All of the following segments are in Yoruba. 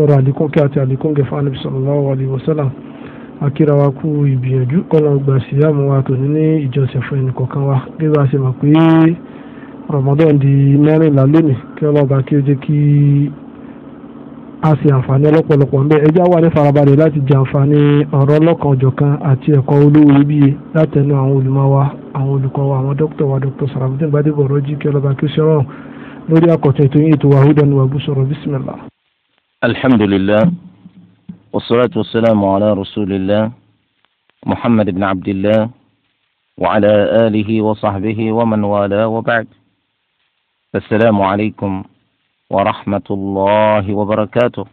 tọrọ àlékún kí àti àlékún gẹ̀fà ànábì sallallahu alaihi wasallam akíra wa kú ìgbìyànjú kọ́nà gbà sí àmọ́ wa tòní ní ìjọsìn fún ẹnì kọ̀ọ̀kan wa bí wàá ṣe mọ̀ pé Ramadan di mẹ́rìnlá lónìí kí ọlọ́ba kí ó jẹ́ kí a ṣe àǹfààní ọlọ́pọ̀lọpọ̀ ń bẹ ẹjá wà ní farabalẹ̀ láti jẹ àǹfààní ọ̀rọ̀ ọlọ́kan ọ̀jọ̀kan àti ẹ̀kọ́ olówó iyebíye látẹnu àwọn olùmọ̀ wa àwọn olùkọ́ wa àwọn dókítà wa dókítà Sàràfùdín Gbádébọ̀ ọ̀rọ̀ jí kí ọlọ́ba kí ó ṣe rọrùn lórí àkọ́tún ètò yín ètò wa Hudan wa Bushra الحمد لله والصلاة والسلام على رسول الله محمد بن عبد الله وعلى آله وصحبه ومن والاه وبعد السلام عليكم ورحمة الله وبركاته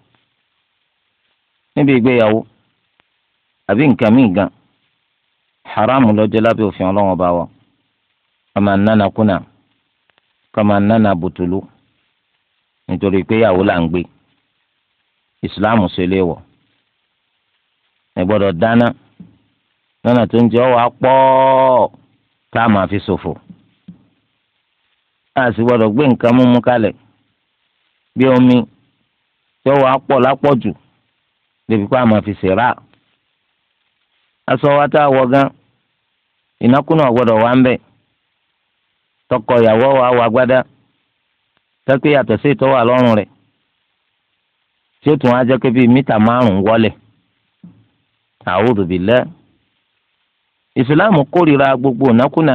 نبي بيو أبين كميجا حرام لو جلابي وفي الله وباوا أما أننا كنا كما أننا بطلو نتوري بيو لأنبي islamu ṣe lè wọ ẹgbọdọ dáná lọ́nà tó ń jẹ ọwọ́ apọ́ tá a máa fi ṣòfò a sì gbọ́dọ̀ gbé nǹkan mímu kalẹ bí omi tí ọwọ́ apọ̀ lápọ̀jù débi pé a máa fi ṣèrà aṣọ wa tá a gan ìnákúnà wà tọkọ ìyàwó wa wà gbádá sí tí ó tún wá jẹ́ pé bíi mítà márùn-ún wọlé a'udhu billah ìsìláàmù kórìíra gbogbo ònákùnà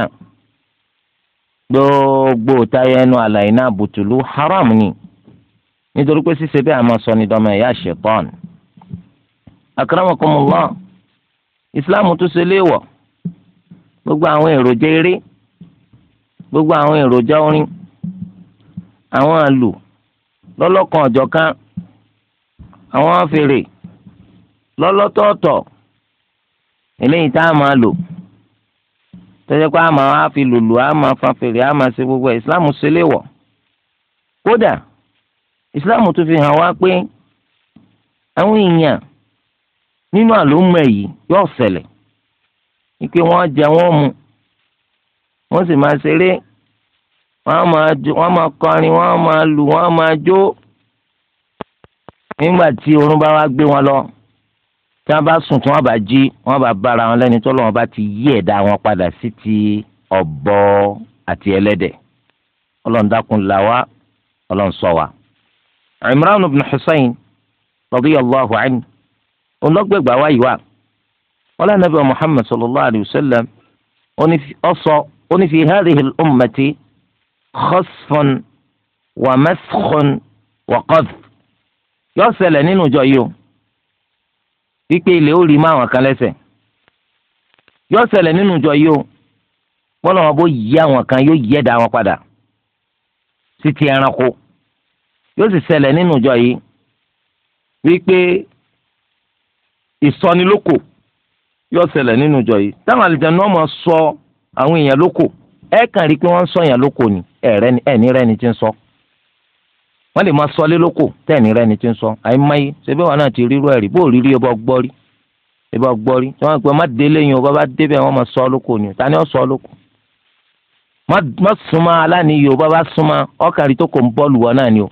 gbogbo táyà ẹnu àlàyéná bùtùlù haram ni nítorí pé ṣíṣe bẹ́ẹ̀ àmọ́ sọ ni dọ́mọ ẹ̀yà ṣẹ̀tọ́n akramakumullah ìsìláàmù tún ṣe léèwọ̀ gbogbo àwọn èròjà eré gbogbo àwọn èròjà orin àwọn àlù lọ́lọ́kan ọ̀jọ̀kan àwọn fèrè lọ́lọ́tọ̀ọ̀tọ̀ eléyìí tá a máa lò tọ́jú pé a máa fi lùlù a máa fa fèrè a máa ṣe gbogbo ẹ̀ islam ṣe léwọ̀ kódà islam tún fi hàn wá pé àwọn èèyàn nínú àlòmọ̀ yìí yóò ṣẹlẹ̀ wípé wọ́n jẹ wọ́n mu wọ́n sì máa ṣeré wọ́n máa kọrin wọ́n máa lù wọ́n máa jó nígbà tí oorun bá wá gbé wọn lọ tí wọ́n bá sùn tí wọ́n bá jí wọ́n bá bára wọn lẹ́ni tọ́lọ́ wọn bá ti yí ẹ̀dá wọn padà sí ti ọ̀bọ àti ẹlẹ́dẹ̀ ọlọ́run dákun là wá ọlọ́run ṣọ́ wa. Imran ibn Husayn radiyallahu anhu ọlọ́gbẹ̀gbà wáyé wa wọ́n lẹ́nu Nabi Muhammad sallallahu alayhi wa sallam ọ̀sọ́ onífi hadhihi al-ummati khasfun wa maskhun wa qadh yọ ṣẹlẹ̀ nínú ìjọ yìí o wípé ilẹ̀ ó rí mọ́ àwọn kan lẹ́sẹ̀ yọ ṣẹlẹ̀ nínú ìjọ yìí o bọ́lá wọn bó yí àwọn kan yóò yí ẹ̀dá wọn padà sí ti ẹranko yóò sì ṣẹlẹ̀ nínú ìjọ yìí wípé ìsọnilókò yóò ṣẹlẹ̀ nínú ìjọ yìí táwọn àlejò náà mọ̀ sọ àwọn èèyàn lókò ẹ̀ kàn rí i pé wọ́n ń sọ èèyàn lókò ni ẹ̀ ní rẹ́ni tí ń sọ. So wọ́n lè máa sọlé lóko tẹ́ẹ̀nì rẹ ni ti ń sọ àìmọye ṣẹbẹ́ wọn náà ti rírú ẹ̀rí bó rírí ọba gbọ́rí ọba gbọ́rí tí wọ́n pe má délé yín ọba bá débẹ̀ wọ́n máa sọ lóko ni ta ni ó sọ lóko má súnmọ́ aláníyè ọba bá súnmọ́ ọkàrí tó kò ń bọ́ọ̀lù wọn náà ni o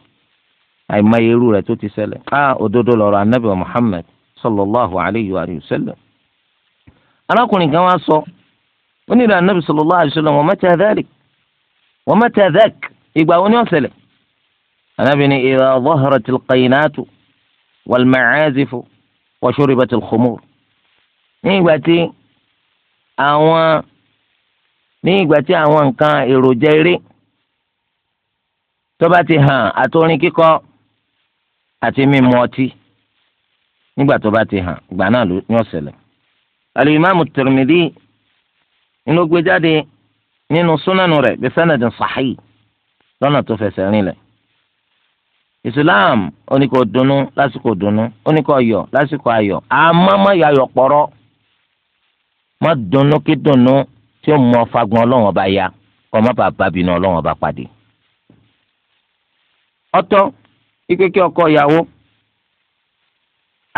àìmọye irú rẹ tó ti ṣẹlẹ̀ á òdodo lọ̀rọ̀ anabi Muhammad sallallahu alayhi wa sallam arákùnrin kan wá sọ ó ṣẹlẹ̀ anábìíní ìlà ọ̀bọ̀họ̀rọ̀ ti kàyínàtù wàlmẹ̀ẹ́sìfù wọ́ṣọ́rìbà ti kùmùr. ní ìgbà tí àwọn ní ìgbà tí àwọn nǹkan èròjà eré tó bá ti hàn àtòrin kíkọ àti mímu ọtí nígbà tó bá ti hàn ìgbà náà ló ní ọ̀sẹ̀lẹ̀. alimami Tirmidhi inú gbé jáde nínú súnánù rẹ̀ bí sanadin sahih lọ́nà tó fẹsẹ̀ rìn lẹ̀ islam ó ní kó dunnú lásìkò dunnú ó ní kó yọ̀ lásìkò ayọ̀ àmọ́ má yọ ayọ̀ pọ̀rọ́ má dunnú kí dunnú tí ó mú ọ fagbọn ọlọ́run ọba ya kọ́ má bàa bábìnú ọlọ́run ọba pàdé. ọ̀tọ̀ ike kí ọkọ ìyàwó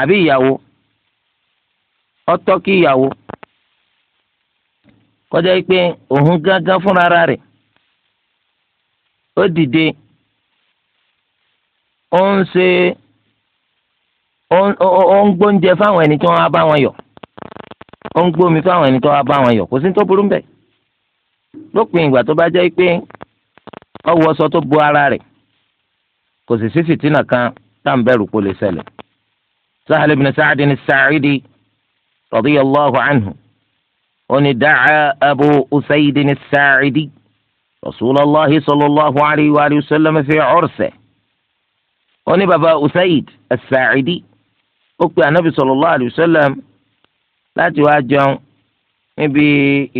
àbí ìyàwó ọ̀tọ̀ kí ìyàwó kọjá pé òun gángan fúnra rẹ̀ ó dìde ó ń ṣe ó ń gbóúnjẹ fáwọn ẹni tí wọ́n á bá wọn yọ̀ ó ń gbómi fáwọn ẹni tí wọ́n á bá wọn kò sí tó burú lópin ìgbà tó bá jẹ́ pé tó ara rẹ̀ kò sì sí fìtínà kan tá à ń bẹ̀rù kó lè ṣẹlẹ̀ saidi anhu ó ní da'a Abu sallallahu alayhi wa sallam fi 'ursihi. wọ́n ní baba usaid asaidi ó pe anabi sallallahu alayhi wa sallam láti wá jẹun níbi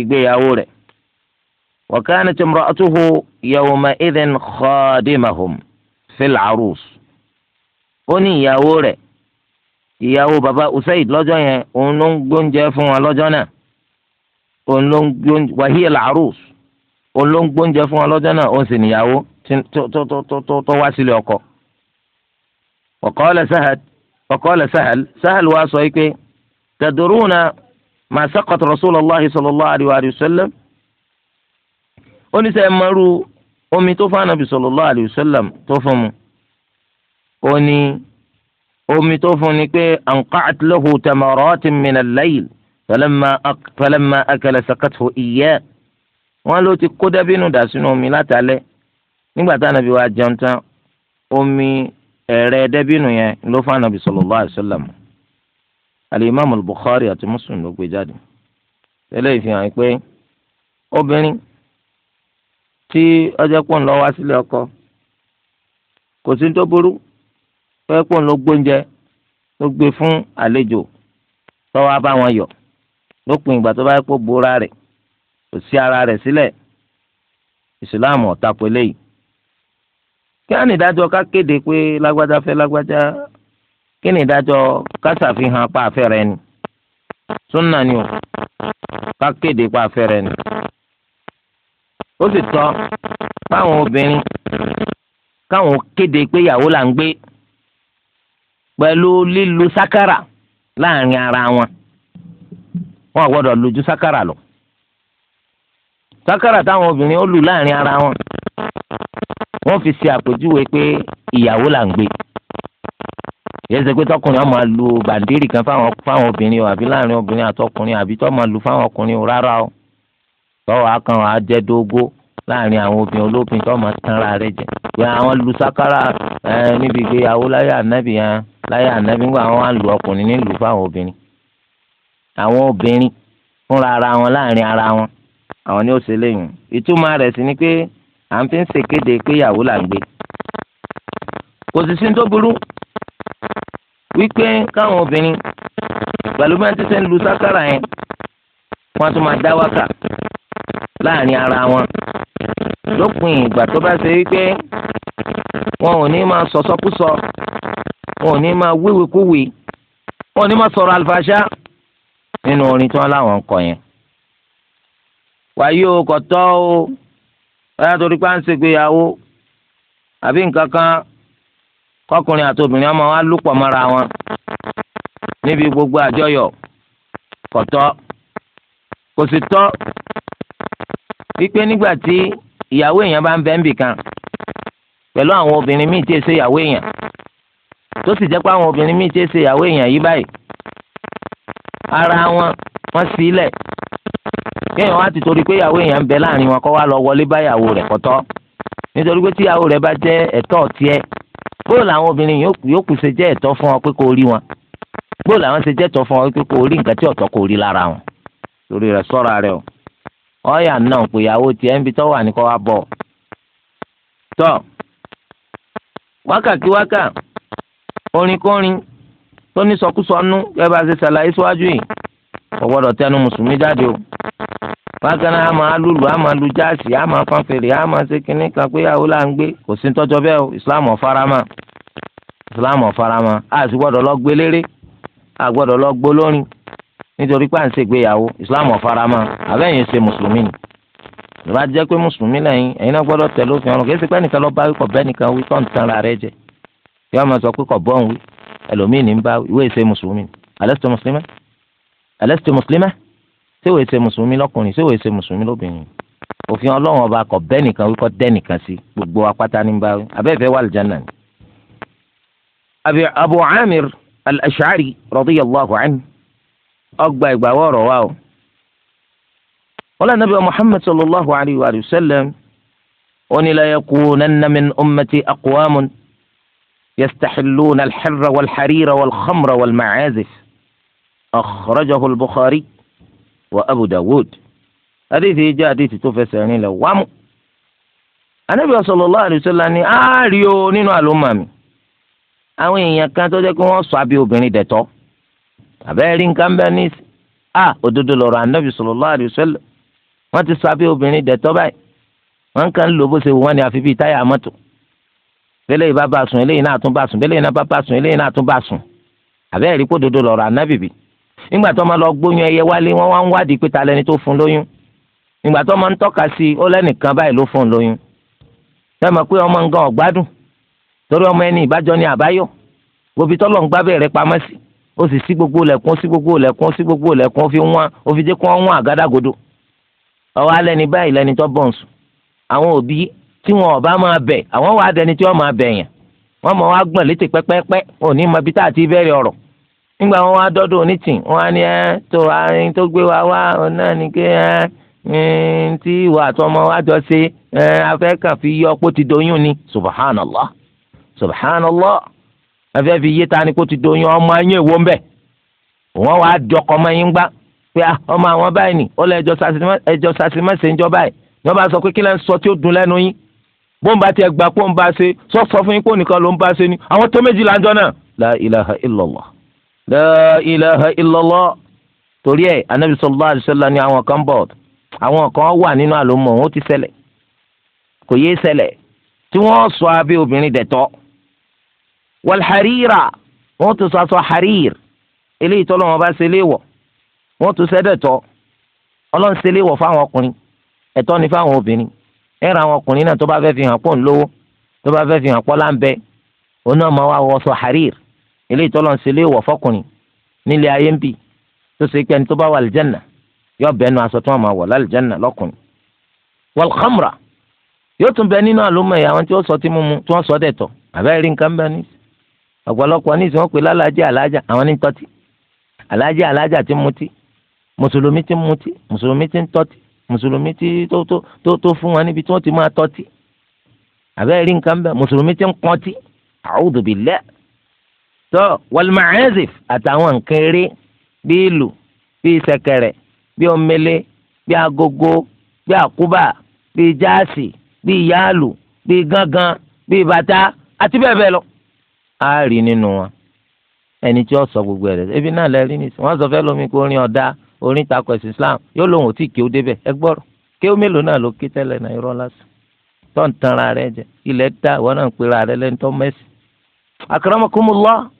ìgbéyàwó rẹ̀ wa kanat imra'atuhu yawma idhin khadimahum fil arus ó ní ìyàwó rẹ̀ ìyàwó baba usaid lọ́jọ́ yẹn òun ló ń gbóúnjẹ fún wọn lọ́jọ́ náà òun ló ń gbóúnjẹ wàhíyà làárùs òun ló ń gbóúnjẹ fún wọn lọ́jọ́ náà òun sì níyàwó tó wá sílé ọkọ. وقال سهل وقال سهل سهل واسويك تدرون ما سقط رسول الله صلى الله عليه وآله وسلم oníṣẹ́ mọ́rú omi tó fún anabi sallallahu alayhi wa sallam tó fún mu ó ní omi tó fún ni pé anqa'at lahu tamaratin min al-layl falamma falamma akala saqathu iyya wọn ló ti kó dàbínù dà sínú omi látàlẹ́ nígbà tá anabi wa jẹun tán omi ẹ̀rẹ̀ dẹ́bínú yẹn ló fún anabi sallallahu alaihi wasallam alimami bukhari àti muslim ló gbé jáde eléyìí fi hàn pé obìnrin tí ọjọ́ pọ̀ ń lọ wá sílé ọkọ kò sí tó burú ọjọ́ pọ̀ ń lọ gbóúnjẹ ló gbé fún àlejò tọ́wọ́ bá wọn yọ lópin ìgbà tó bá yẹ kó bóra rẹ̀ kò sí ara rẹ̀ sílẹ̀ ìsìláàmù ò kí á nìdájọ ká kéde pé lágbájá fẹ lágbájá kí nìdájọ ká ṣàfihàn pa àfẹ́rẹ́ ni súnà ni o ká kéde pa àfẹ́rẹ́ ni ó sì tọ́ obìnrin káwọn kéde pé ìyàwó là ń gbé pẹ̀lú lílu sákàrà láàrin ara wọn wọn gbọ́dọ̀ lójú sákàrà lọ sákàrà táwọn ara wọn wọ́n fi ṣe àpèjúwe pé ìyàwó là ń gbé yẹsẹ pé tọkùnrin ọmọ lu bàndírì kan fáwọn fáwọn obìnrin o àbí láàrin obìnrin àtọkùnrin àbí tọ́ máa lu fáwọn ọkùnrin o rárá o tọ́wọ́ akàn á jẹ́ dógó láàrin àwọn obìnrin olóbìn tọ́ máa tanra rẹ jẹ pé àwọn lu sákárà níbi ìgbéyàwó láyé ànábì yẹn láyé ànábì ńgbà wọn á lu ọkùnrin nílùú fáwọn obìnrin àwọn obìnrin fúnra ara wọn láàrin ara wọn àwọn ni ó ṣe léyìn ìtumọ̀ rẹ̀ sì ni pé à ń fi ń ṣèkéde pé ìyàwó là ń gbé kò sì sí tó burú wípé káwọn obìnrin pẹ̀lú bí wọ́n ti ṣe ń lu sákàrà yẹn wọ́n tún máa dá wákà láàrin ara wọn lópin ìgbà tó bá ṣe wípé wọn ò ní máa sọ sọkúsọ wọn ò ní máa wíwèkúwè wọn ò ní máa sọ̀rọ̀ àlùfáàṣá nínú orin tí wọ́n láwọn ń kọ yẹn wàyí o kò tọ́ o. báyà torí pé à ń ṣègbéyàwó àbí nǹkan kan kọkùnrin àti obìnrin ọmọ wa lù pọ̀ mọ́ra wọn níbi gbogbo àjọyọ̀ kọ̀tọ́ kò sì tọ́ wípé nígbà tí ìyàwó èèyàn bá ń bẹ́ ń bì kan pẹ̀lú àwọn obìnrin míì tí ì ṣe ìyàwó èèyàn tó sì jẹ́ pé àwọn obìnrin míì tí ì ṣe ìyàwó èèyàn yìí báyìí ara wọn wọ́n sílẹ̀. Si kéèyàn wá ti torí pé ìyàwó èèyàn ń bẹ láàrin wọn kó wá lọ wọlé báyàwó rẹ̀ kọ́tọ́ nítorí pé tíyàwó rẹ̀ bá jẹ́ ẹ̀tọ́ tiẹ̀ bó làwọn obìnrin yòókù ṣe jẹ́ ẹ̀tọ́ fún ọ pé kó rí wọn bó làwọn ṣe jẹ́ ẹ̀tọ́ fún ọ pé kó rí nǹkan tí ọ̀tọ̀ kò rí lára wọn torí rẹ̀ sọ́ra rẹ̀ o ọ̀yà náà pé ìyàwó tiẹ̀ ń bi tọ́ wà ní kó wá bọ̀ tọ́ wákàkíwákà orinkórin tó ní sọkúsọ nú gẹ́gẹ́ bá ṣe ṣàlàyé síwájú yìí kò tẹnu mùsùlùmí jáde o bákan náà a máa lùlù a máa lu jáàsì a máa fọn fèrè a máa ṣe kínní kan pé àwọn là kò sí tọ́jọ́ bẹ́ẹ̀ o islam ọ̀farama islam ọ̀farama a sì gbọ́dọ̀ lọ gbé léré a gbọ́dọ̀ lọ gbó lórin nítorí pé à ń ṣègbéyàwó islam ọ̀farama àbẹ́yìn ṣe mùsùlùmí ni ìbá jẹ́ pé mùsùlùmí lẹ́yìn ẹ̀yin náà gbọ́dọ̀ tẹ̀lé òfin ọ̀run kì í ṣe pé ẹnìkan lọ bá wí kọ̀ bẹ́ẹ̀ nìkan wí tó ń tan ara rẹ̀ jẹ kí wọ́n máa sọ pé kọ̀ bọ́ọ̀n wí ẹlòmíì ní ń bá ìwé ìṣe mùsùlùmí alastu muslima alastu muslima síwò ẹsẹ mùsùlùmí lọkùnrin síwò ẹsẹ mùsùlùmí lóbìnrin òfin ọlọ́wọ́n ọba kọ̀ bẹ́ẹ̀ nìkan wíkọ́ dẹ́ nìkan sí gbogbo apáta ní báwí abẹ́ẹ̀fẹ́ wà lìjánà ni. àbí abu amir al-ashari radiyallahu anhu ọgbà ìgbàwọ̀ ọ̀rọ̀ wa o. wọ́n lẹ́nu bí muhammed sallallahu alayhi wa sallam wọ́n kú yakunanna min ummati aqwamun yastaxilluna alḥirra walḥarira walkhamra walmacazif akhrajahu al-bukhari. wa abu dawud hadithi jẹ́ hadithi tó fẹsẹ̀ rìn lẹ̀ wámú. anabi sallallahu alaihi wasallam ni a rí o nínú àlùmọ́ mi àwọn èèyàn kan tó jẹ́ pé wọ́n sọ abẹ́ obìnrin dẹ̀tọ́ àbẹ́ rí nǹkan bẹ́ẹ̀ ní a òdodo lọ́rọ̀ anabi sallallahu alaihi wasallam wọ́n ti sọ abẹ́ obìnrin dẹ̀tọ́ báyìí wọ́n kàn ń lò bó ṣe wù wọ́n ní àfi bíi táyà mọ́tò bẹ́lẹ̀ yìí bá bá sùn eléyìí náà tún bá sùn bẹ́lẹ̀ yìí náà bá bá sùn eléyìí náà tún bá sùn àbẹ́ rí kó òdodo lọ́rọ̀ anabi bíi nígbà tó máa lọ gbóyún ẹyẹ wálé wọ́n wá ń wádìí pé ta lẹni tó fún lóyún nígbà tó máa ń tọ́ka sí ó lẹ́nìkan báyìí ló fún lóyún sẹ́mi pé ọmọ nǹkan ọ̀gbádùn torí ọmọ ẹni ìbájọ́ ni àbáyọ̀ gbobi tọ́lọ̀ ń gbábẹ́ rẹ pamọ́ sí ó sì sí gbogbo lẹ̀kún sí gbogbo lẹ̀kún sí gbogbo lẹ̀kún ó fi wọ́n ó fi dé kó wọ́n àgádágodo ọwọ́ alẹ́ni báyìí lẹni tó bọ̀ àwọn òbí tí wọn ò nígbà wọn wá dọ́dọ̀ onítìn wọn á ní ẹ tó àárín tó gbé wa wá òun náà kí ẹ tí ìwà àtọmọ wa jọ ṣe ẹ afẹ́kàn fi yọ pé ti doyún ni subhanallah subhanallah afẹ́ fi yé ta ni kó ti doyún ọmọ ayé ìwọ ń bẹ̀ wá dọkọ ọmọ yín gbá pé ah, ọmọ àwọn báyìí ni ó lọ ẹjọ́ sàṣìmọ́sẹ̀ ń jọ báyìí ni wọ́n bá sọ pé kí lẹ́ sọ tí ó dùn lẹ́nu yín bóńbà tiẹ̀ gbà pọ́ńbà ṣe sọ sọ fún yín pé ònìkan ló ń bá ṣe ni àwọn tó méjìlá ń jọ náà la ilaha illallah la ilaha illallah torí ẹ anabi sallallahu alaihi wasallam ni àwọn kan bọ̀ àwọn kan wà nínú àlòmọ wọn ti ṣẹlẹ̀ kò yéé ṣẹlẹ̀ tí wọ́n sọ abẹ́ obìnrin dẹ̀tọ́ wàlhàríra wọ́n tún sọ aṣọ harir eléyìí tọ́lọ́ wọn bá ṣe léèwọ̀ wọ́n tún sẹ́dẹ̀tọ́ ọlọ́run ṣe léèwọ̀ fáwọn ọkùnrin ẹ̀tọ́ ni fáwọn obìnrin ẹ̀rọ àwọn ọkùnrin náà tó bá fẹ́ fi hàn pọ̀ ńlówó tó bá fẹ́ fi hàn pọ̀ láńbẹ́ òun náà máa wá wọ sọ harir eléyìí tọ́lọ́ ń ṣe léèwọ̀ fọkùnrin nílé ayé ń bì tó ṣe pé ẹni tó bá wà àlìjẹ́nà yóò bẹ nínú aṣọ tí wọ́n máa wọ̀ lálìjẹ́nà lọ́kùnrin. wal khamra yóò tún bẹ nínú àlómọ ẹ̀yà àwọn tí wọ́n sọ tí mímu tí wọ́n sọ dẹ̀ tọ̀ àbẹ́ rí nǹkan bẹ́ẹ̀ ní. ọ̀pọ̀lọpọ̀ ní ìsìn wọn pè lálàájẹ́ àlájà àwọn ní tọ́tí àlájẹ́ àlájà tí mutí mùsùlùmí tí mùsùlùmí tí ń tọ́tí mùsùlùmí tí tó tó fún wọn níbi tí wọ́n ti máa tọ́tí àbẹ́ rí nǹkan bẹ́ẹ̀ mùsùlùmí tí ń pọ́ntí a'udhu billah tó wàlmàẹ́sìf àtàwọn nǹkan eré bíi ìlù bíi ṣẹ̀kẹ̀rẹ̀ bíi omele bíi agogo bíi àkúbà bíi jáàsì bíi yáàlù bíi gángan bíi bàtà àti bẹ́ẹ̀ bẹ́ẹ̀ lọ. a rí nínú wọn ẹni tí wọ́n sọ gbogbo ẹ̀ rẹ̀ náà lẹ rí nìsín sọ fẹ́ lómi kó orin ọ̀dà orin takò ẹ̀sìn Islam yóò lóun ò tí kí o débẹ̀ ẹ gbọ́rọ̀ kí o mélòó náà ló kí tẹ́lẹ̀ náà irọ́ lásán tó ń tanra rẹ jẹ ilẹ̀ dá ìwọ náà ń pera rẹ lẹ́ni mẹ́sì. àkàràmọ́kùnmọ́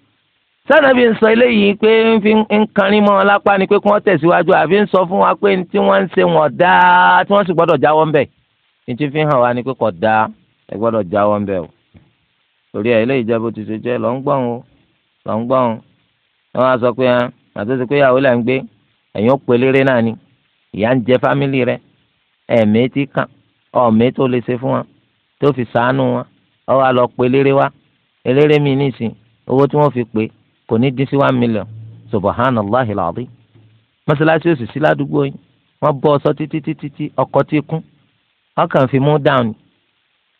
sanabi ń sọ eléyìí pé ń fi ń kanrin mọ́ wọn lápá ni pé kí wọ́n tẹ̀síwájú àfi ń sọ fún wa pé tí wọ́n ń ṣe wọ́n dáa tí wọ́n sì gbọ́dọ̀ jáwọ́ ń bẹ̀ ní ti fi hàn wá ni pé kò dáa ẹ gbọ́dọ̀ jáwọ́ ń bẹ̀ o torí ẹ eléyìí jẹ́ bó ti ṣe jẹ́ lọ́ ń gbọ́n o lọ́ ń gbọ́n o ẹ wọ́n sọ pé hàn àti ṣe pé ìyàwó là ń gbé ẹ̀yìn ó pe léré náà ni ìyá ń jẹ fámìlì rẹ ẹ̀mí ti kàn ọ̀mí tó lè ṣe fún wa tó fi sàánú wa ọ wa lọ pe léré wa eléré mi nísìn owó tí wọ́n fi pè é kò ní dín sí one million subahana allah ilaadi mọ́sálásí ó sì sí ládùúgbò yín wọ́n bọ́ ọ sọ títí títí tí ọkọ̀ ti kún ọkàn fi mú dáhùn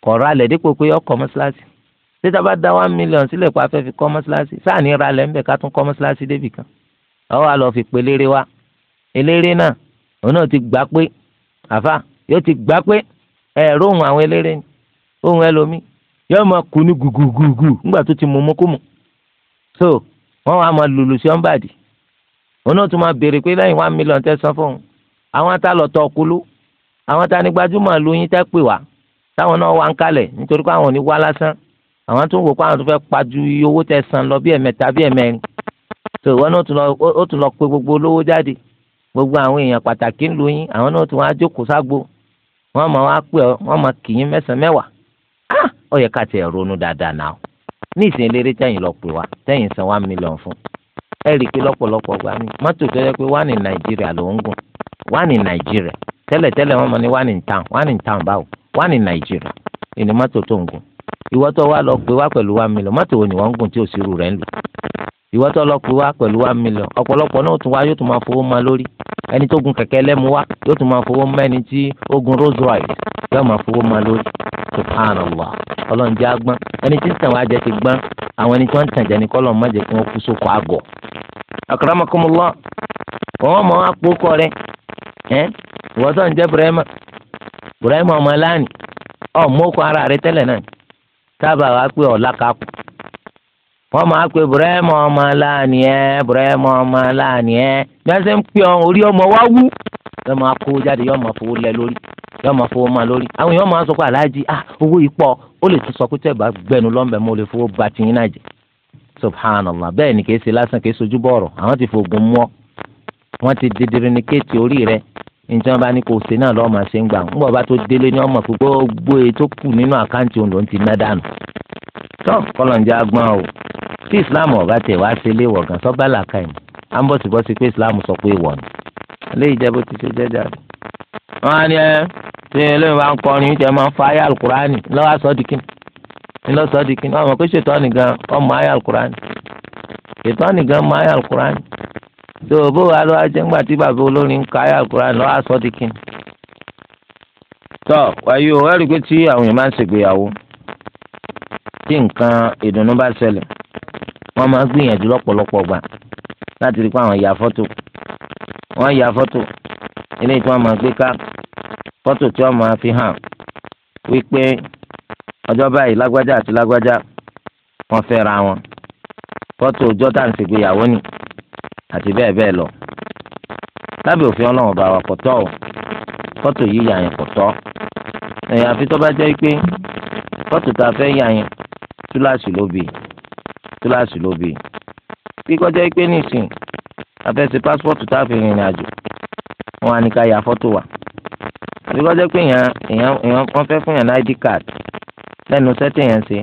kọ̀ọ̀rọ̀ alẹ̀ dípò pé ọkọ̀ mọ́sálásí títa bá da one million sílẹ̀ pa afẹ́ fi kọ́ mọ́sálásí sáàní ra alẹ̀ ńbẹ̀ ká tún kọ́ mọ́sálásí débì kan ọwọ́ àlọ́ fi pè léré wa eléré náà òun náà ti gbà pé àfa yóò ti gbà pé ẹ̀rọ ohun àwọn eléré ni ohun ẹlòmíì yóò máa kú ní gùgùgùgù nígbà tó ti mú mú kú mu so wọ́n wá máa lùlù sí ọ́nbàdì òun náà tún máa béèrè pé lẹ́yìn one million tẹ́ san fún un àwọn ata lọ́tọ̀ kulú àwọn ta ni gbajúmọ̀ lu yín tẹ́ pè wá táwọn náà wá ń kalẹ̀ nítorí pé àwọn ò ní wá lásán àwọn tún wò pé àwọn tún fẹ́ pàjù iye owó tẹ́ san lọ bí ẹ̀mẹ́ta bí ẹ̀mẹ́rin tó ìwọ náà ó tún lọ pé gbogbo olówó jáde gbogbo àwọn èèyàn pàtàkì ń lu yín àwọn náà tún wá jókòó ságbo wọ́n máa wá pè ọ́ wọ́n máa kì í mẹ́sàn-án mẹ́wàá ah! ó yẹ ká ronú dáadáa náà. ní ìsìn eléré tẹ̀yìn lọ pè wá tẹ̀yìn san one million fún ẹ rí i pé lọ́pọ̀lọpọ̀ gbà mí mọ́tò tó yẹ pé wà ní nàìjíríà ló ń gùn wà ní nàìjíríà tẹ́lẹ̀tẹ́lẹ̀ wọ́n mọ̀ ní wà ní wà ní lọ pẹ̀lú mọ́tò wo ni wọ́n ń gùn tí ò sí irú rẹ̀ ń lò lọ pẹ̀lú ọ̀pọ̀lọpọ̀ náà tún wá yóò tún máa ẹni tó gun kẹ̀kẹ́ lẹ́mu wá yóò tún máa fowó mẹ́ni tí ó gun Rolls Royce yóò máa fowó máa lórí subhanallah ọlọ́run jẹ́ agbọ́n ẹni tí ń tàn wá jẹ ti gbọ́n àwọn ẹni tí wọ́n ń tàn jẹ ní kọ́lọ́ má jẹ́ kí wọ́n kú sóko àgọ̀. akramakumullah wọ́n mọ àpòkọ rẹ ẹ wọ́n tó ń jẹ́ burẹ́mà burẹ́mà ọmọ aláàní ọ̀ mọ́kọ ara rẹ tẹ́lẹ̀ náà tábà wá pé ọ̀la kakù wọ́n máa pe Ibrahim ọmọ aláàní ẹ Ibrahim ọmọ aláàní ẹ bí wọ́n ṣe ń pè ọ́n orí ọmọ wa wú yọ́n máa kó jáde yọ́n máa fowó lẹ lórí yọ́n máa fowó máa lórí àwọn èèyàn máa sọ pé aláàjì ah owó yìí pọ̀ ó lè tún sọ pé tẹ̀bà gbẹnu lọ́nbẹ̀ mo lè fowó ba tìyín náà jẹ subhanallah bẹ́ẹ̀ ni kìí ṣe lásán kìí ṣojú bọ̀rọ̀ àwọn ti fògùn mú ọ wọ́n ti didiri ní kéètì orí rẹ njẹ́ wọn bá ní kò ṣe náà lọ́ọ́ máa ṣe ń gbà ń bá tó délé ní ọmọ fún gbogbo ètò kù nínú àkáǹtì òun lòún ti ná dànù. tó kọ́lọ̀ ń jẹ́ agbọ́n o tí islam ọ̀gá tẹ̀ wá sí ilé ìwọ̀gàn sọ́gbà làkà yìí à ń bọ̀ sí bọ́sí pé islam sọ pé ìwọ̀ ni eléyìí jẹ́ bó ti ṣe jẹ́ jáde. wọ́n á ní ẹ ṣé eléyìí máa ń kọrin ìjẹ́ máa ń fa ayé alukurani lọ́wọ́ sọ di kíni lọ́wọ́ sọ di kíni ọmọ pé ṣètọ́ nìkan ọmọ ayé alukurani ṣètọ́ nìkan ọmọ ayé alukurani tó o bó wa lọ́wọ́ ajẹ́ ńgbà tí bàbá olórin ń ka ayé alukurani lọ́wọ́ sọ di kíni. tọ́ wáyé o ẹ̀rí pé tí àwọn èèyàn máa ń ṣègbéyàwó tí nǹkan ìdùnnú bá ṣẹlẹ̀ wọ́n máa gbìyànjú lọ́pọ̀lọpọ̀ gbà láti rí i pé àwọn ya fọ́tò wọ́n ya fọ́tò eléyìí tí wọ́n máa gbé ká fọ́tò tí wọ́n máa fi hàn wípé ọjọ́ báyìí lágbájá àti lágbájá wọ́n fẹ́ wọn fọ́tò ọjọ́ tá à ń ṣègbéyàwó ni àti bẹ́ẹ̀ bẹ́ẹ̀ lọ lábẹ́ òfin ọlọrun bá wa kò tọ́ o fọ́tò yíyà yẹn kò tọ́ ẹ̀yà àfi bá jẹ́ pé fọ́tò tá a fẹ́ yà yẹn túláàsì ló bì í. kíláàsì ló bí bí kọjá pé nísìn àfẹsẹ̀ pásítọ̀tù tá a àjò wọn á ní ká ya fọ́tò wa àbí kọjá pé èèyàn èèyàn wọn fún yàn ní id card lẹ́nu sẹ́tì yẹn ṣe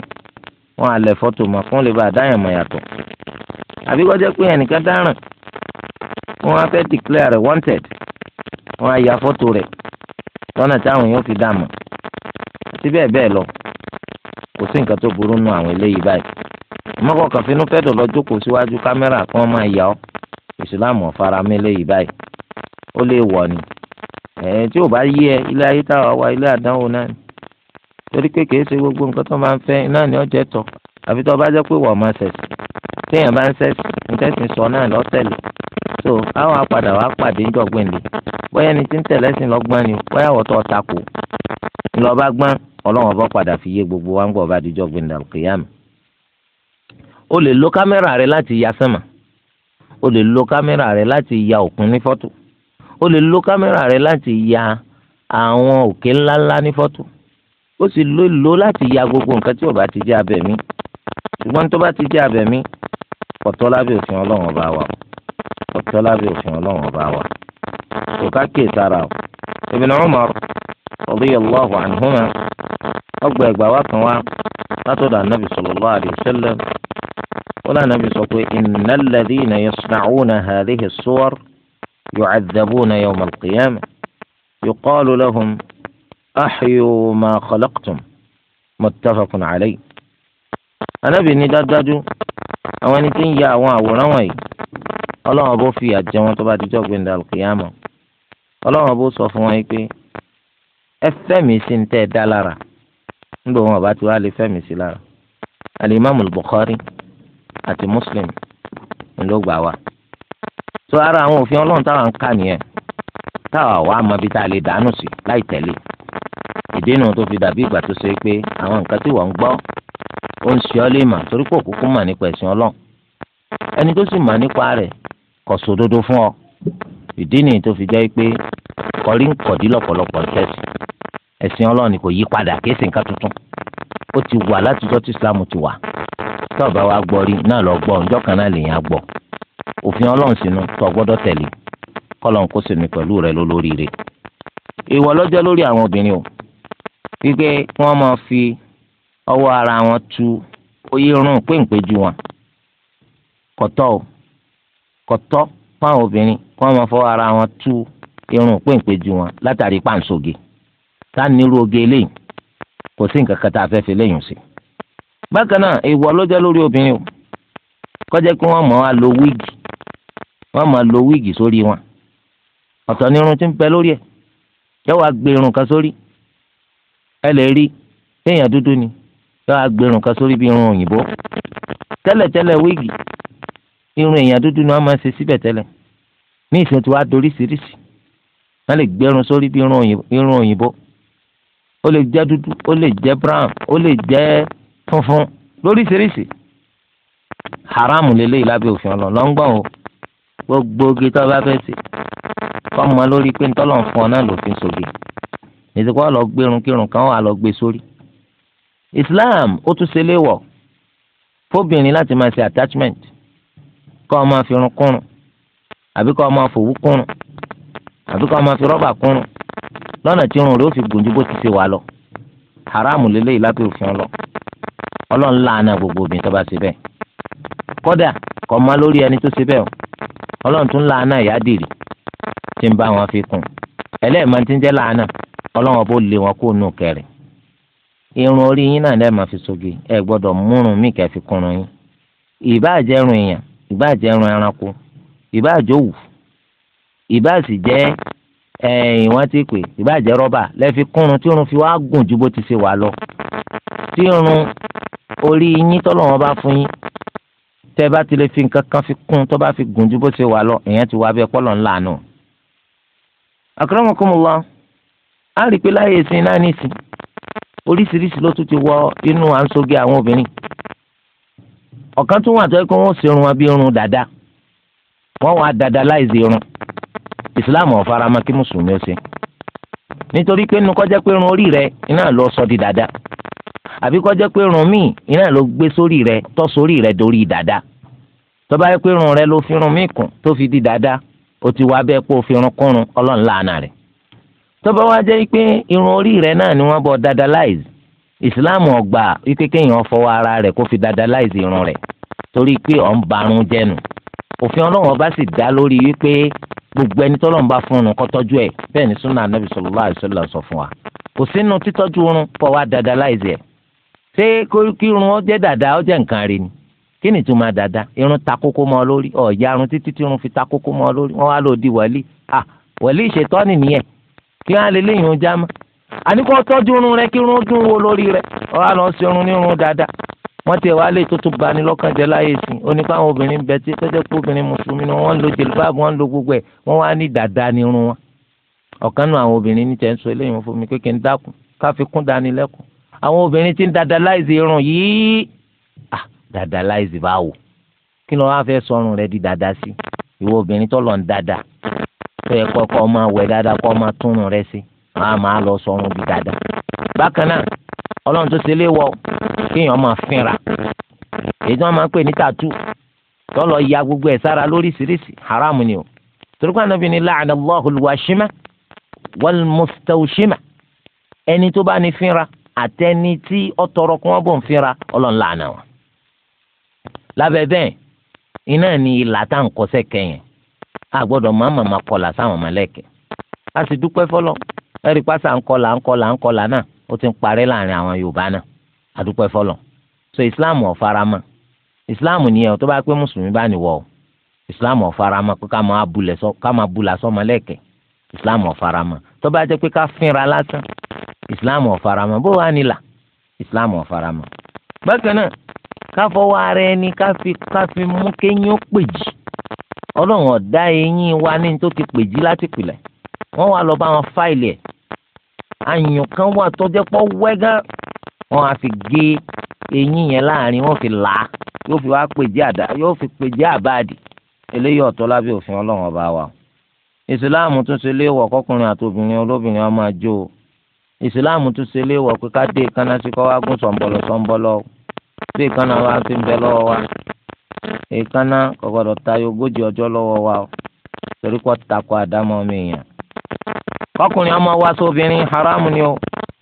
wọn á lẹ̀ fọ́tò mọ́ fún lè bá àdáyàn mọ̀ yàtọ̀ àbí kọjá pé ẹnìkan dáràn wọn á fẹ́ declare wanted wọn á ya fọ́tò rẹ̀ lọ́nà táwọn èèyàn fi dá mọ̀ síbẹ̀ bẹ́ẹ̀ lọ kò sí nǹkan tó burú nù àwọn eléyìí báyìí ọmọkọ kàfínú fẹ́dọ̀ lọ jókòó síwájú kámẹ́rà kí wọ́n máa yà ọ́ ìsìláàmù ọ̀faramẹ́lẹ́ yìí báyìí ó lè wọ̀ ni ẹ̀ẹ́n tí ò bá yí ẹ ilé ayé táwa wá ilé àdánwò náà ni torí pé kìí ṣe gbogbo nǹkan tó máa ń fẹ́ náà ni ọjọ́ ẹ̀tọ́ àfi tó bá jẹ́ pé wọ́n máa ṣẹ̀ṣì téèyàn bá ń ṣẹ̀ṣì nítẹ̀sìn sọ náà lọ́tẹ̀lẹ̀ so àwọn apàdà wàá pàdé ńjọ̀gbìn lè bóyá ẹni tí ń tẹ̀lẹ́sìn lọ́gbọ́n ni bóyá wọ́tọ̀ ọ̀tako ńlọ́ba gbọ́n ọlọ́wọ́n bọ́ padà fi yé gbogbo wa ń gbọ́ bá dijọ́ gbìn dàrú kìyàmù o lè lo kámẹ́rà rẹ láti ya sánmà o lè lo kámẹ́rà rẹ láti ya òkun ní fọ́tò o lè lo kámẹ́rà rẹ láti ya àwọn òkè ńláńlá ní fọ́tò ó sì lè lo láti ya gbogbo nǹkan tí ó bá ti jẹ́ abẹ̀mí ṣùgbọ́n tó bá ti jẹ́ abẹ̀mí ọ̀tọ̀ lábẹ́ òfin ọlọ́run ọba wa ọ̀tọ̀ lábẹ́ òfin ọlọ́run ọba wa kò ká kè sára o Ibn Umar radiyallahu anhuma ọgbà ẹgbà wa kan wa látọ̀dọ̀ anabi sallallahu alayhi wa ولا نبي صلى إن الذين يصنعون هذه الصور يعذبون يوم القيامة يقال لهم أحيوا ما خلقتم متفق عليه Ànábì ní dájúdájú àwọn ẹni tí ń ya àwọn àwòrán wọ̀nyí Ọlọ́run bó fi àjẹ wọn tó bá di ọjọ́ gbẹ̀ndà kìyàmọ̀ Ọlọ́run bó sọ fún wọn pé ẹ fẹ́mi sí ń tẹ́ ẹ dá lára nígbà wọn bá ti wá lè fẹ́mi sí lára Al-Imam Al-Bukhari àti muslim ló gbà wá tó ara àwọn òfin ọlọ́run táwọn ń kà nìyẹn táwa wà á tá a lè dànù sí láì tẹ̀lé ìdènà tó fi dàbí ìgbà tó ṣe pé àwọn nǹkan tí wọ́n ń gbọ́ ó ń ṣe ọ́ lè mà torí pé òkúkú mà nípa ẹ̀sìn ọlọ́run ẹni tó sì mà nípa rẹ̀ kò sódodo fún ọ ìdí nìyí tó fi jẹ́ pé kọrí ń kọ̀dí lọ́pọ̀lọpọ̀ ṣẹ́sì ẹ̀sìn ọlọ́run kò yí padà kí ẹ̀sìn nǹkan tuntun ó ti wà látijọ́ tí islam ti wà tó bá wa gbọ́ rí náà lọ gbọ́ ọjọ́ kan náà lèyìn á gbọ́ òfin ọlọ́run sínú tó gbọ́dọ̀ tẹ̀lé kọ́lọ́n kó sèmi pẹ̀lú rẹ lólórí rẹ. ìwọ lọ́jọ́ lórí àwọn obìnrin o wípé wọ́n máa fi ọwọ́ ara wọn tu oyè rún péǹpéjú wọn kọ̀tọ́ o kọ̀tọ́ fáwọn obìnrin kí wọ́n máa fọwọ́ ara wọn tu irun péǹpéjú wọn látàrí pàǹsoge tá nírú oge eléyìí kò sí nǹkan kan tá a fẹ́ fi léyìn sí i bákan náà ìwọ ló jẹ́ lórí obìnrin o kọjá pé wọ́n máa lo wíìgì wọ́n máa lo wíìgì sórí wọn ọ̀tọ̀ ni irun ti ń bẹ lórí ẹ̀ yẹ wàá gbé irun kan sórí ẹ lè rí téèyàn dúdú ni yẹ wàá gbé irun kan sórí bí irun òyìnbó tẹ́lẹ̀tẹ́lẹ̀ wíìgì irun èèyàn dúdú ni wọ́n máa ń ṣe síbẹ̀ tẹ́lẹ̀ ní ìsìn tí wàá doríṣiríṣi wọ́n lè gbé irun sórí bí irun òyìnbó ó lè jẹ́ dúdú ó lè jẹ́ brown ó lè jẹ́ funfun lóríṣiríṣi haramu lélẹ́yìí lábẹ́ òfin ọlọ́run lọ́ngbọ̀n o gbogbo oge tó bá fẹ́ sí fọ́ọ̀mù lórí pé ntọ́lọ̀ ń fún ọ náà lòfin sòge ìsìnkú àlọ́ gbẹrun kírun kan wà lọ gbé sórí Islam ó tún ṣe léwọ̀ fóbìnrin láti máa ṣe attachment kọ́ ọ máa fi irun kúrun àbí kọ́ ọ máa fòwú kúrun àbí kọ́ ọ máa fi rọ́bà kúrun lọ́nà tí irun rẹ̀ ó fi gùn ju bó ti ṣe wà lọ haramu lélẹ́yìí lábẹ́ òfin ọlọ́run ọlọ́run láàánà gbogbo obìnrin tó bá ṣe bẹ́ẹ̀ kódà kò má lórí ẹni tó ṣe bẹ́ẹ̀ o ọlọ́run tún láàánà ìyáàdìrì tí ń bá wọn fi kún ẹlẹ́ẹ̀mọ tí ń jẹ́ láàánà ọlọ́run bó lé wọn kó nù kẹrin irun orí yín náà lẹ́ẹ̀ máa fi soge ẹ gbọ́dọ̀ múrun mí kẹ́ fi kúnrun yín ìbáàjẹ́ irun èèyàn ìbáàjẹ́ irun ẹranko ìbáàjẹ́ òwú ìbáàsì jẹ́ ẹ̀yìn wọ́n ti pè ìbáàjẹ́ rọ́bà lẹ́ẹ̀ kúnrun tí irun fi wá gùn ju bó ti ṣe wà lọ tí irun orí yín tọ́lọ́wọ́n bá fún yín tẹ́ bá ti lè fi nǹkan kan fi kún tó bá fi gùn ju bó ṣe wà lọ èèyàn ti wà bẹ́ẹ̀ pọ́lọ̀ ńlá nù. akramakumullah á rí i pé láyé ìsìn náà nìsín oríṣiríṣi ló tún ti wọ inú à àwọn obìnrin ọ̀kan tún wà tó yẹ kó wọ́n sì irun wọn bí irun dada wọ́n wà dada láìsí irun ìsìláàmù ọ̀farama kí mùsùlùmí ó ṣe nítorí pé nínú kọjá pé irun orí rẹ iná lọ sọ di dada àbí kó jẹ́ pé irun míì iná ló gbé sórí rẹ tó sórí rẹ dorí dàda tó bá yẹ pé irun rẹ ló fi irun míì kùn tó fi di dàda ó ti wá bẹ́ẹ̀ pé ó fi irun kúrun ọlọ́run láàánà rẹ̀ tó bá wá jẹ́ pé irun orí rẹ náà ni wọ́n bọ̀ dadalize ìsìláàmù ọgbà wípé kéèyàn fọwọ́ ara rẹ̀ kó fi dadalize irun rẹ̀ torí pé ọ̀ barun jẹ́nu òfin ọlọ́run ọba sì dá lórí wípé gbogbo ẹni tọ́lọ́run bá fún un kó tọ́jú ẹ̀ bẹ́ẹ̀ ni súnà anábì sallallahu alaihi sọ fún wa kò sínú títọ́jú oorun kọ́ dadalize ẹ̀ ṣé kírun ó jẹ́ dàda ó jẹ́ nǹkan rẹ̀ ni kí ni tó máa dàda irun ta kókó mọ́ ọ lórí ọ̀ọ́yá irun títí tí irun fi ta kókó mọ́ ọ lórí wọ́n wá lò di wọ̀lí à wọ̀lí ìṣètọ́nì nìyẹn kí wọ́n á lè léyìn oúnjẹ mọ́ àníkó tọ́jú irun rẹ kí irun dùn wo lórí rẹ ọ̀rọ̀ àlọ́ sí irun ní irun dada wọ́n ti wá lè tuntun bani lọ́kàn jẹ́ láyé sí i ó ní káwọn obìnrin bẹ tí tọ́jú pé obìnrin mùsùlùmí ni wọ́n ń lo jìlbáàbù wọ́n ń lo gbogbo ẹ̀ wọ́n wá ní dada ní irun wọn ọ̀kan nu àwọn obìnrin níjẹ́ ń sọ eléyìí fún mi kékeré ń dákun káfi kún dání lẹ́kùn àwọn obìnrin ti ń dadalize irun yìí ah dadalize báwo kí ló wá fẹ́ sọrun rẹ di dada sí ìwọ obìnrin tó lọ ń dada tó yẹ kọ́ kọ́ máa wẹ̀ dada kọ́ máa túnrun rẹ sí máa máa lọ sọrun di dada bákan náà ọlọ́run tó ṣe léwọ́ kéèyàn máa fínra èyí tí wọ́n máa ń pè ní tàtú tọ́lọ̀ ya gbogbo ẹ̀ sára lóríṣiríṣi haramu ni o torí pé ni la'ana Allahu al-washima ẹni tó bá ní fínra àtẹni tí ọtọrọ kí wọn bò ń fínra Ọlọ́run lànà wọn. lábẹ́ bẹ́ẹ̀ iná ni ìlà tá à ń kọsẹ̀ kẹyìn a gbọ́dọ̀ má màmá kọlà sáwọn mọ̀lẹ́kẹ̀. a sì dúpẹ́ fọlọ́ ẹ̀rí pásá ń kọlà ń kọlà ń kọlà náà ó ti ń parí láàrin àwọn Yorùbá náà a dúpẹ́ fọlọ́ so Islam ò farama mọ́ Islam nìyẹn tó bá pé mùsùlùmí bá nìwọ̀ o Islam ò fara mọ́ pé ká máa bula sọ́mọlẹ́kẹ̀ Islam ò fara mọ́ tó bá jẹ́ pé ká fínra lásán islam ọ̀faramọ́ bó wàá nílà islam ọ̀faramọ́. bákan náà káfọwọ́ ara ẹni káfi káfi mú kéyìn ó pèjì ọlọ́run ọ̀dá eyín wa ní tó ti pèjì láti pìlẹ̀ wọ́n wá lọ bá wọn fáìlì ẹ̀ àyàn kan wà tọ́jẹ́pọ̀ wẹ́gán wọ́n á fi gé eyín yẹn láàrin wọ́n fi là á yóò fi wá pèjì àdá yóò fi pèjì àbáàdì eléyìí ọ̀tọ̀ lábẹ́ òfin ọlọ́run ọba wa ìsìláàmù tún ṣe léèwọ̀ kọkùnrin àti olóbìnrin á máa o ìsìláàmù tún ṣe léèwọ̀ pé ká dé èékánná sí kọ́ wá gún sọ̀ǹbọ̀lọ̀ sọ̀ǹbọ̀lọ̀ tí èékánná wa ti ń bẹ lọ́wọ́ wa èékánná kò gbọdọ̀ tayọ ogójì ọjọ́ lọ́wọ́ wa o torí kọ́ takọ àdámọ́ mi yàn. kọkùnrin ọmọ wa sọ obìnrin haramu ni o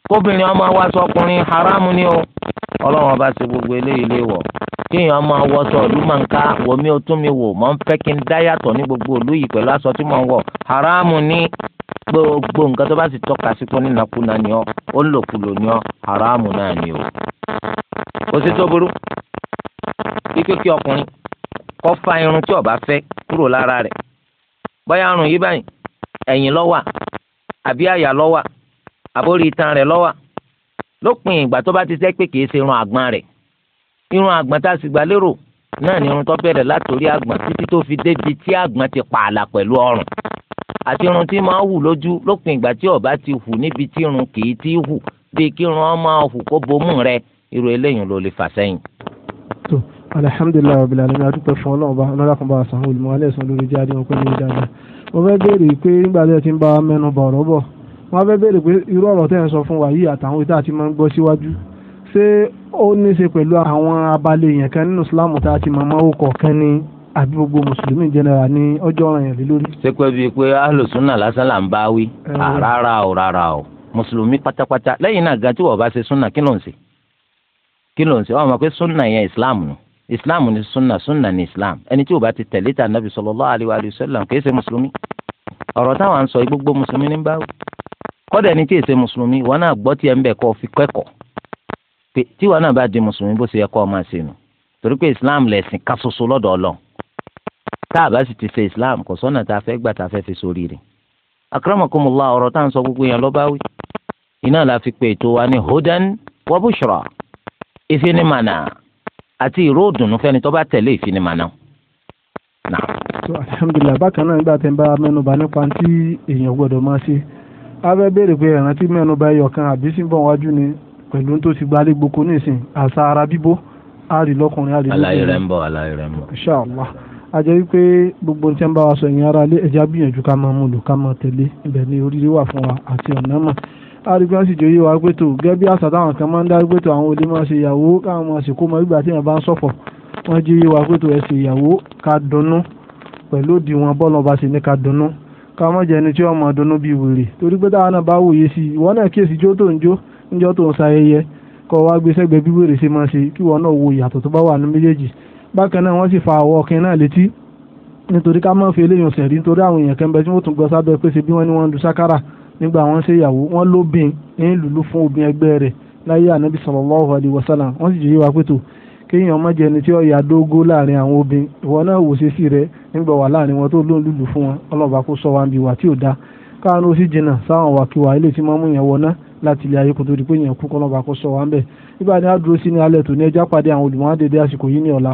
kóbìnrin ọmọ wa sọ ọkùnrin haramu ni o ọlọ́run ọba ṣe gbogbo eléyìí léèwọ̀ kéèyàn ọmọ wọṣọ ọdún máa ń ká wọmi ó tún mi wò mọ́ ń fẹ́ kí n dá yàtọ̀ ní gbogbo òlú yìí pẹ̀lú aṣọ tí mò ń wọ̀ haramu ni gbogbo nǹkan tó bá sì tọ́ka sí fún nínàkúnà ni ọ́ ó ń lòkulò ni ọ́ haramu náà ni o. kò sí tó burú kíkẹ́ kí ọkùnrin kó fa irun tí ó bá fẹ́ kúrò lára rẹ̀ bóyá irun yìí báyìí ẹ̀yìn ló wà àbí àyà ló wà àbórí itan rẹ̀ ló wà lópin ìgbà tó bá ti sẹ́ pé kìí ṣe irun àgbọ̀n rẹ̀ irun àgbọ̀n tá a sì gbà lérò náà ni irun tó bẹ̀rẹ̀ látòrí àgbọ̀n títí tó fi débi tí àgbọ̀n ti pààlà pẹ̀lú ọrùn àti irun tí máa hù lójú lópin ìgbà tí ọba ti hù níbi tí irun kì í ti hù bíi kí irun máa hù kó bomú rẹ irú eléyìí ló lè fà sẹ́yìn. alhamdulilayi rabbil alamin adúpẹ́ fún ọlọ́run bá ọlọ́run kan bá a sàn olùmọ̀ alẹ́ sàn lórí jáde wọn pé ní dáadáa mo fẹ́ béèrè pé nígbà tí ẹ ti ń bá mẹ́nu bọ̀ ọ̀rọ̀ bọ̀ wọ́n fẹ́ béèrè pé irú ọ̀rọ̀ tẹ́ ẹ sọ fún wa yìí àtàwọn ìta àti máa ń gbọ́ síwájú ṣé ó ní í ṣe pẹ̀lú àwọn abalẹ̀ èèyàn kan nínú Islam tá a ti mọ̀ mọ́ ó kọ̀ọ̀kan ni àbí gbogbo mùsùlùmí jẹnẹra ní ọjọ́ ọ̀ràn yẹn lórí. ṣé pé bíi pé alùsùnà lásán là ń bá wí rárá o rárá o mùsùlùmí pátápátá lẹ́yìn náà gan wọ́n bá ṣe súnà kí ló ń ṣe kí ló islam nù islam ni súnà súnà ni islam ẹni tí ò bá ti tẹ̀lé ta nàbì sallallahu alaihi wa sallam kì í ṣe mùsùlùmí ọ̀rọ̀ táwọn gbogbo mùsùlùmí ní báwò kọ́dà ẹni tí mùsùlùmí wọn náà gbọ́ tiẹ̀ fi kẹ́kọ̀ọ́ tí wọn náà bá di mùsùlùmí bó ṣe yẹ ọ máa ṣe nù torí tá a bá sì ti ṣe islam kò sọ́nà tá a fẹ́ gbà tá a fẹ́ fi sórí rẹ̀. akramakumullah ọ̀rọ̀ tá à ń sọ gbogbo yẹn lọ́ba wí. iná la fi pe ètò wa ní hudan wa bushra ìfinimànà àti ìró òdùnnú fẹ́ni tó bá tẹ̀lé ìfinimànà. alhamdulilah bákan náà nígbà tí n bá mẹ́nuba nípa tí èèyàn gbọ́dọ̀ máa ṣe a fẹ́ béèrè pé ìrántí mẹ́nuba ẹyọkan àbí síbọ̀ wájú ni pẹ̀lú tó ti gbalé gboko nísìn àṣà ara bíbó a rí lọ́kùnrin a rí lọ́kùnrin. aláyẹrẹ ń bọ̀ aláyẹrẹ ń bọ̀. àjẹ́ wípé gbogbo tí ń bá wa sọ ìyẹn ara lé ẹ̀já gbìyànjú ká máa mú lò ká máa tẹ̀lé ibẹ̀ ni oríire wà fún wa àti ọ̀nà mọ̀ àrígbọ́n sì jòyè wa pé tó gẹ́gẹ́ bí àṣà táwọn kan máa ń dárí pé tó àwọn olè máa ṣe ìyàwó káwọn máa ṣèkó mọ ìgbà tí èèyàn bá wa pé tó ìyàwó ká dunnú pẹ̀lú òdiwọ̀n bọ́ọ̀lù ọba ṣe ní ká dunnú ká má jẹ́ ẹni tí wọ́n máa dunnú bíi wèrè torí pé táwọn náà bá wòye sí i ìwọ náà kíyèsí jó tó bákan náà wọ́n sì fa àwọ̀ ọkùnrin náà létí nítorí ká má fi eléyàn sẹ̀rí nítorí àwọn èèyàn kẹ́ńbẹ́ tí wọ́n tún gbọ́ sábẹ́ pé ṣe bí wọ́n ní wọ́n ń du sákàrà nígbà wọ́n ṣe ìyàwó wọ́n lóbìn ń lùlù fún obìn ẹgbẹ́ rẹ̀ láyé ànábì sallallahu alaihi wasallam wọ́n sì jẹ́ yíwa pé tó kéèyàn má jẹ ẹni tí ó yà dógó láàrin àwọn obìn ìwọ náà wò ṣe sí rẹ nígbà wà láàrin wọn tó lóun lùlù fún wọn ọlọ́ba kó sọ wa ń bi tí ò da káàánú ó sì jìnnà sáwọn wàkiwà ilé tí mọ́mú yẹn wọná láti ilé ayé kò tó di pé yẹn kú kọ́lọ́ba kó sọ wa ń bẹ̀ nígbà ní àdúró sí ní alẹ́ tòní ẹjá pàdé àwọn olùmọ̀ àsìkò yìí ní ọ̀la